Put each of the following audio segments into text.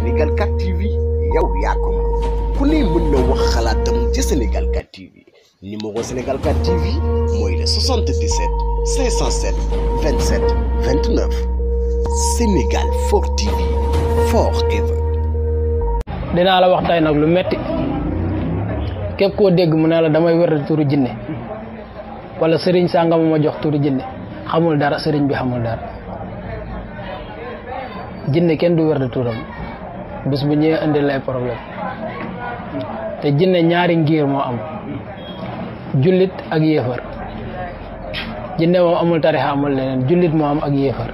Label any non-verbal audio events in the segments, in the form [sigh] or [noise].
Sénégal 4 TV yow yaa ko ku ne mën na wax xalaatam ci Sénégal 4 TV numéro Sénégal 4 TV Sénégal 4 TV dinaa la waxtaay nag lu metti képp koo dégg mu ne la damay wér turu jinne wala sëriñ sàngam ma jox turu jinne xamul dara sëriñ bi xamul dara jinne kenn du wér turam bis bu ñëwee indi lay problème te jinne ñaari ngir moo am jullit ak yéefar jinne moom amul tarixa amul leneen jullit moo am ak yéefar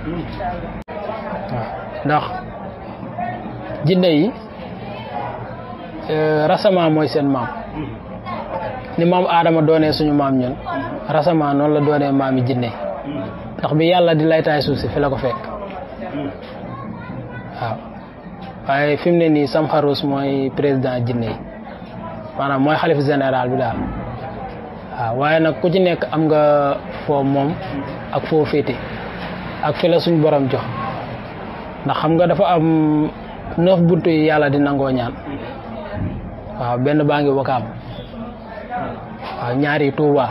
ndax jinne yi euh, rasamaa mooy seen maam ni maam aadama doonee suñu maam ñun rasamaa noonu la doonee maami jinne ndax bi yàlla di laytaay suuf si fi la ko fekk waaw waaye fi ne nii Sam Xarous mooy président jinne yi maanaam mooy xalif général bi daal waaye nag ku ci nekk am nga foo moom ak foo féete ak fi suñ boroom jox ndax xam nga dafa am neuf buntu yi yàlla di nangoo ñaan waaw benn baa ngi wakaam waaw ñaari Tuuba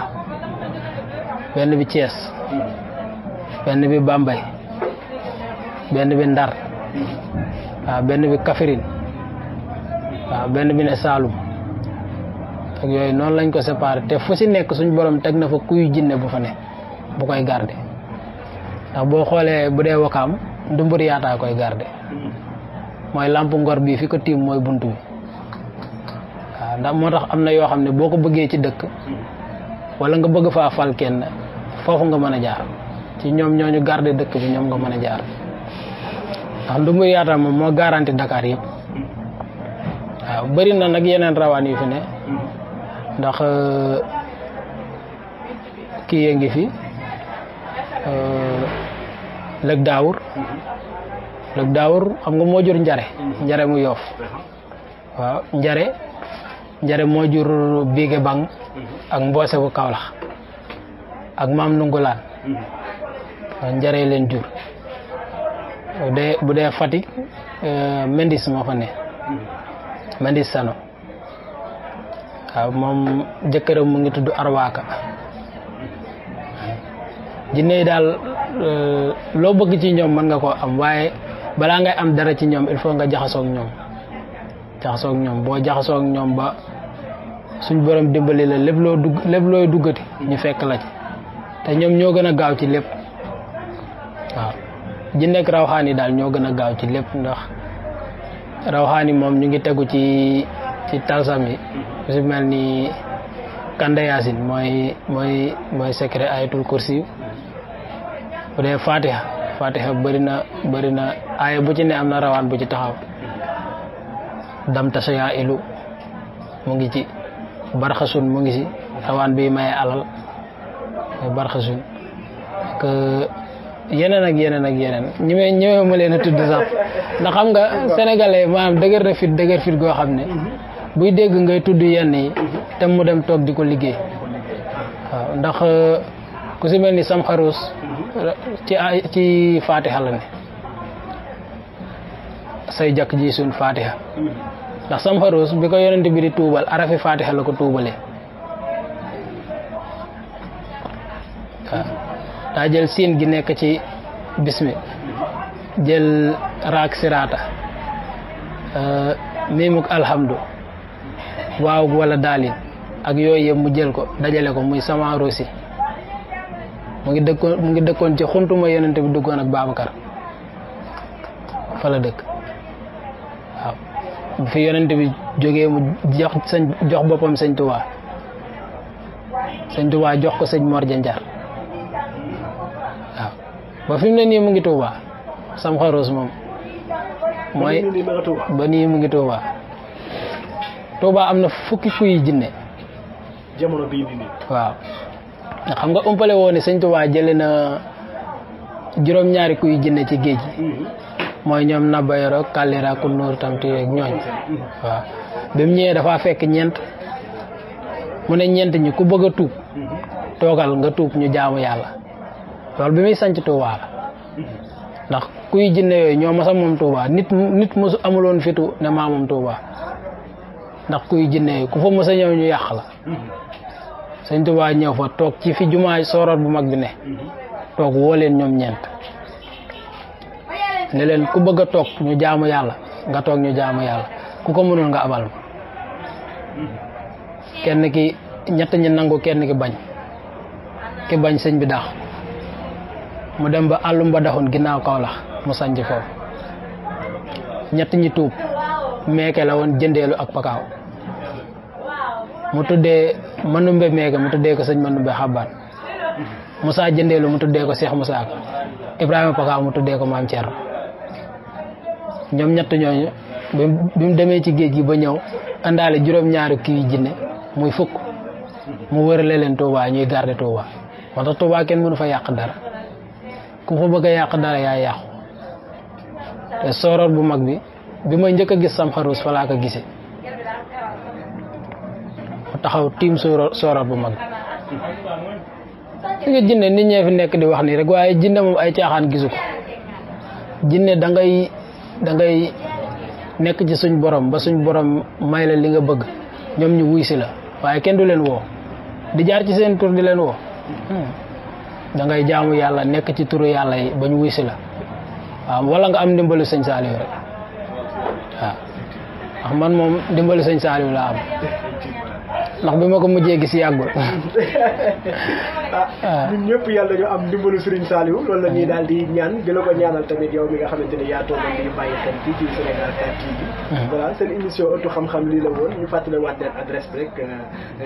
benn bi Thiès benn bi Bambey benn bi Ndar waaw benn bi Kaffrine waaw benn bi ne Saalum ak yooyu noonu lañ ko séparé te fu si nekk suñ boroom teg na fa kuy jinne bu fa ne bu koy garde ndax boo xoolee bu dee wakaam dumbur yaataa koy garde mooy làmp ngor bii fi ko tiim mooy bunt bi waaw ndax moo tax am na yoo xam ne boo ko bëggee ci dëkk wala nga bëgg faa fal kenn foofu nga mën a jaar ci ñoom ñooñu garde dëkk bi ñoom nga mën a jaar ndax lu muy yaatal moom moo garanti Dakar yëpp waaw bëri na nag yeneen rawaan yu fi ne ndax euh, kii yee ngi fi euh, lëg daawur lëg daawur xam nga moo jur njare njare mu yoof waaw njare njare moo jur biige bang ak mboose bu kawlax ak maam nungulaan mhm. njare leen jur dee bu dee Fatick euh, Mendis moo fa ne Mendis Sano waaw moom jëkkëram mu ngi tudd Arwaaka jinne yi daal euh, loo bëgg ci ñoom mën nga koo am waaye balaa ngay am dara ci ñoom il faut nga jaxasoog ñoom jaxasoog ñoom boo jaxasoog ñoom ba suñ borom dimbali la lépp loo looy duggati ñu fekk la ci te ñoom ñoo gën a gaaw ci lépp waaw jinne ak rawxaan yi daal ñoo gën a gaaw ci lépp ndax rawxaan yi moom ñu ngi tegu ci ci talsam yi su mm-hmm. ni kanda yaasin mooy mooy mooy secret ayatul kursi bu dee na bëri na aaya bu ci ne am na bu ci taxaw dam mu ngi ci barxasun mu ngi ci rawaan bi maye alal mooy yeneen ak yeneen ak yeneen ñi may ñëwee ma leen a tudd sax ndax xam nga sénégalais maanaam dëgër na fit dëgër fit goo xam ne buy dégg ngay tudd yenn yi te mu dem toog di ko liggéey waaw ndax euh, ku si mel ni sam xaruus ci ci fatiha la ne say jakk ji suñ fatiha ndax sam xaruus bi ko yonent bi di tuubal arafi fatiha la ko tuubalee daa jël siin gi nekk ci bismi jël raak siraata euh, miimuk alhamdu waaw wala daalin ak yooyu yëpp mu jël ko dajale ko muy sama mu ngi dëkkoon mu ngi dëkkoon ci xuntuma yonente bi duggoon ak Babacar fa la dëkk waaw bu fi yonente bi jógee mu jox sëñ jox boppam sëñ Tuubaa jox ko sëñ Mor Janjar ba fi ne nii mu ngi Touba Sam Xaroos moom mooy ba nii mu ngi Touba Touba am na fukki kuy jinne jamono waaw nga xam nga umpale woo ne sëñ Touba jële na juróom-ñaari kuy jinne ci géej gi mhm. mooy ñoom Naba Yoro Kallira ku Nuur tamti ak ñooñ mhm. waaw bi mu ñëwee dafa fekk ñeent mu ne ñeent ñi ku bëgg a tuub mhm. toogal nga tuub ñu jaamu yàlla loolu bi muy sanc Touba la ndax kuy jinne yooyu ñoo masa moom Touba nit nit amuloon fitu ne maa moom ndax kuy jinne yooyu ku fa mos a ñëw ñu yàq la sëñ Touba ñëw fa toog ci fi jumaay sooroot bu mag bi ne toog woo leen ñoom ñeent ne leen ku bëgg a toog ñu jaamu yàlla nga toog ñu jaamu yàlla ku ko mënul nga abal ma kenn ki ñett ñi nangu kenn ki bañ ki bañ sëñ bi daax mu dem ba àllum ba daxun ginnaaw kaw la mu sanc foofu ñett ñi tuub meeke la woon jëndeelu ak pakaaw mu tuddee manumbe meeke mu tuddee ko sëñ manumbe xabbaan Moussa jëndeelu mu tuddee ko Cheikh Moussa ak Ibrahima pakaaw mu tuddee ko maam Thierno ñoom ñett ñooñu bi mu demee ci géej gi ba ñëw àndaale juróom-ñaari kii jinne muy fukk mu wërale leen Touba ñuy garder Touba moo tax kenn mënu fa yàq dara ku ko bëgg a yàq dara yaa yàqu te sooroor bu mag bi bi may njëkk a gis sam xarus fa laa ko gisee taxaw tiim sooroor bu mag bi nga jinne nit ñee fi nekk di wax nii rek waaye jinne moom ay caaxaan gisu ko jinne dangay dangay nekk ci suñ borom ba suñ borom may la li nga bëgg ñoom ñu wuy si la waaye kenn du leen woo di jaar ci seen tur di leen woo hmm. da ngay jaamu yàlla nekk ci turu yàlla bañ ba ñu wuy si la waaw wala nga am ndimbalu sëñ Saliou rek waaw man moom ndimbalu sëñ Saliou la am. ndax bi ma ko mujjee gis yàggul. [laughs] ah ñun ñëpp yàlla ñu am dimbalu Serigne Saliou loolu la ñuy daal di ñaan di la ko ñaanal tamit yow mi nga xamante ni yaa toogoon di bàyyi hmm. émission ëttu xam-xam lii la woon ñu fàttaliwaat leen adresse bi rek euh,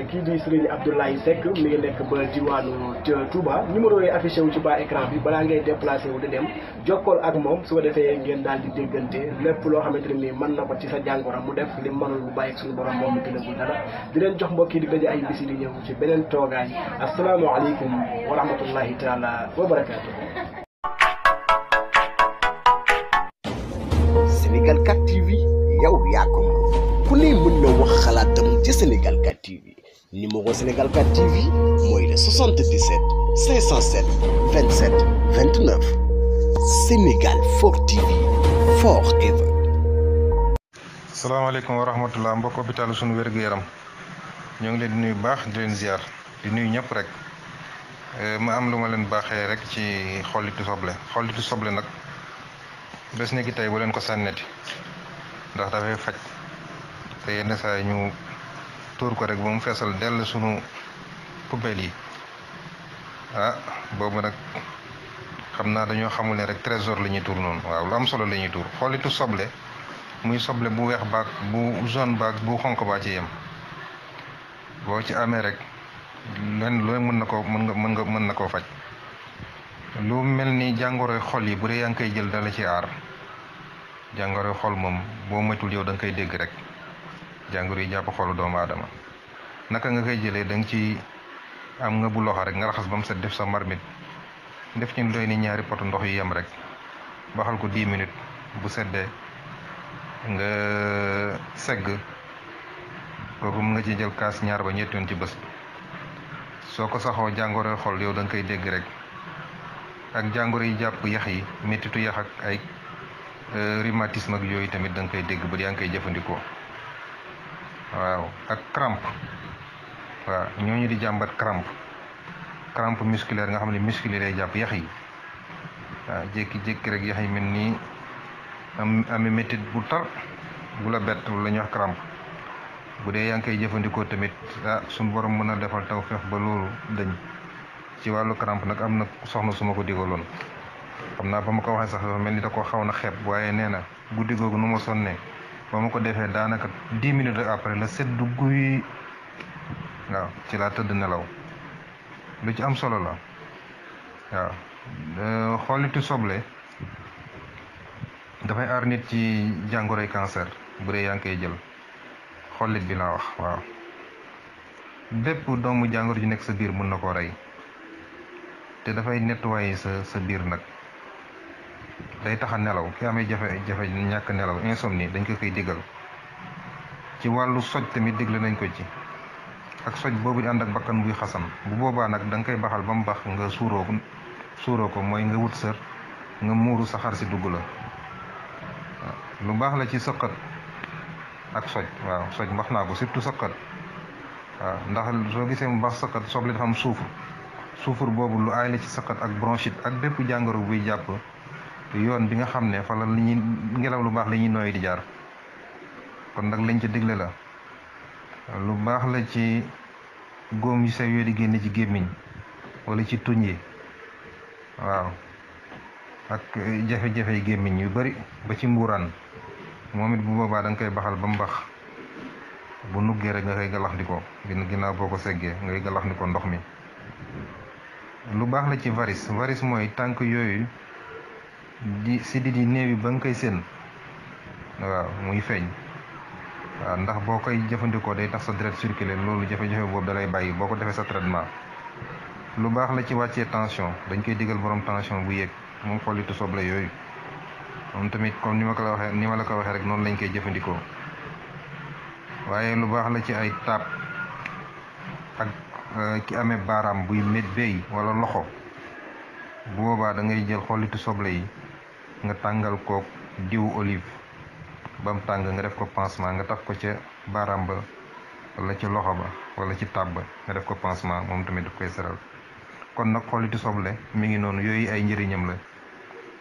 kii di Serigne Abdoulaye Seck mi ngi nekk ba diwaanu euh, Touba numéro yi affiché wu ci bas écran bi balaa ngay déplacé wu di dem jokkool ak moom su ko defee ngeen daal di déggante lépp loo xamante ni nii mën na ko ci sa jàngoro mu def li mënul bu bàyyi suñu borom moom mi gën a dara di leen jox mbokk mbokk yi di daje ay bisi di ñëw ci beneen toogaay asalaamaaleykum wa rahmatullahi taala wa barakaatu. Sénégal TV yow yaa ku ne mën na wax xalaatam ci Sénégal 4 TV mooy le 77 507 TV forever. salaamaaleykum yaram ñoo ngi leen di nuyu baax di leen ziar di nuyu ñëpp rek eh, ma am lu ma leen baaxee rek ci xollitu soble xollitu soble nag bés ni ki tey bu leen ko sànneti ndax dafay faj te yenn saa ñu tuur ko rek ba mu feesal dell sunu poubelle yi ah boobu nag xam naa dañoo xamul ne rek trésor la ñuy tuur noonu waaw lu am solo la ñuy tuur xollitu soble muy soble bu weex baag bu jaune baag bu xonk baa ci yem boo ci amee rek lenn looy mën na koo mën nga mën nga mën na koo faj lu mel ni jàngoroy xol yi bu dee yaa ngi koy jël dala ci aar jàngoroy xol moom boo moytul yow da nga koy dégg rek jàngoro yi jàpp xolu doomu aadama naka nga koy jëlee da nga ci am nga bu loxo rek nga raxas ba mu set def sa marmit def ci doy ni ñaari pot ndox yu yem rek baxal ko 10 minutes bu seddee nga segg kooku mën nga ci jël kaas ñaar ba ñetti yoon ci bés soo ko saxoo jàngoro xol yow danga nga koy dégg rek ak jàngoro yi jàpp yax yi méttitu yax ak ay euh, rhumatisme ak yooyu tamit danga nga koy dégg ba yaa ngi koy jëfandikoo waaw ak crampe ñoo ñu di jàmbat crampe crampe musculaire nga xam ne musculaire lay jàpp yax yi waaw jékki-jékki rek yax yi mel nii am ami métit bu tar bu la bett la ñuy wax crampe bu dee yaa ngi jëfandikoo tamit ah suñu borom mën a defal taw feex ba loolu dañ ci wàllu karamp nag am na soxna su ma ko digaloon xam naa ba ma ko waxee sax dafa mel ni da ko xaw na xeeb waaye nee na guddi googu nu ma sonnee ba ma ko defee daanaka dix minutes rek après la seddu guy waaw ci laa tëdd nelaw lu ci am solo la waaw euh, xoolitu soble dafay aar nit ci jàngoroy cancer bu dee yaa ngi jël. xollit bi laa wax waaw bépp doomu jàngoro ju nekk sa biir mën na koo rey te dafay nettoyer sa sa biir nag day taxa nelaw ki amee jafe-jafe ñàkk nelaw insomnie dañ ko koy digal ci wàllu soj tamit digle nañ ko ci ak soj boobu di ànd ak bakkan buy xasan bu boobaa nag danga koy baxal ba mu bax nga suuroo ko suuroo ko mooy nga wut sër nga muuru sa xar si dugg la lu baax la ci sëqat ak soj waaw soj mbax naa ko surtout sëqat waaw ndax soo gisee mu baax sëqat soble dafa am suufur suufur boobu lu aay la ci sëqat ak bronchite ak bépp jàngoro buy jàpp yoon bi nga xam ne fa la li ñuy ngelaw lu baax la ñuy nooy di jaar kon nag lañ ca digle la lu baax la ci góom yu sew yooyu di génne ci gémmiñ wala ci tuñ yi waaw ak jafe-jafe gémmiñ yu bari ba ci mbuuraan moom it bu boobaa da nga koy baxal ba mu bax bu nuggee rek nga koy galax di ginnaaw boo ko seggee ngay galax di ndox mi lu baax la ci varis varis mooy tànk yooyu di sidit néew yi ba nga koy seen waaw muy feeñ waaw ndax boo koy jëfandikoo day tax sa deret surculer loolu jafe-jafe boobu dalay bàyyi boo ko defee sa traitement lu baax la ci wàccee tension dañ koy digal borom tension bu yéeg moom xollitu soble yooyu moom tamit comme ni ma ko la waxee ni ma ko waxee rek noonu lañ koy jëfandikoo waaye lu baax la ci ay taab ak euh, ki amee baaraam buy mét béy wala loxo bu boobaa dangay jël xollitu soble yi nga tàngal kook diwu olive ba mu tàng nga def ko pansement nga taf ko ca baaraam ba la ci loxo ba wala ci taab ba nga def ko pansement moom tamit daf koy seral kon nag xollitu soble mi ngi noonu yooyu ay njëriñam la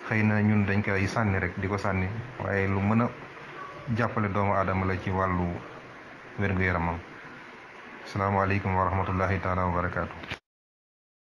xëy na ñun dañ koy sànni rek di ko sànni waaye lu mën a jàppale doomu aadama la ci wàllu wér-gu-yaramam salaamaaleykum wa rahmatullahi taala wa barakaatu.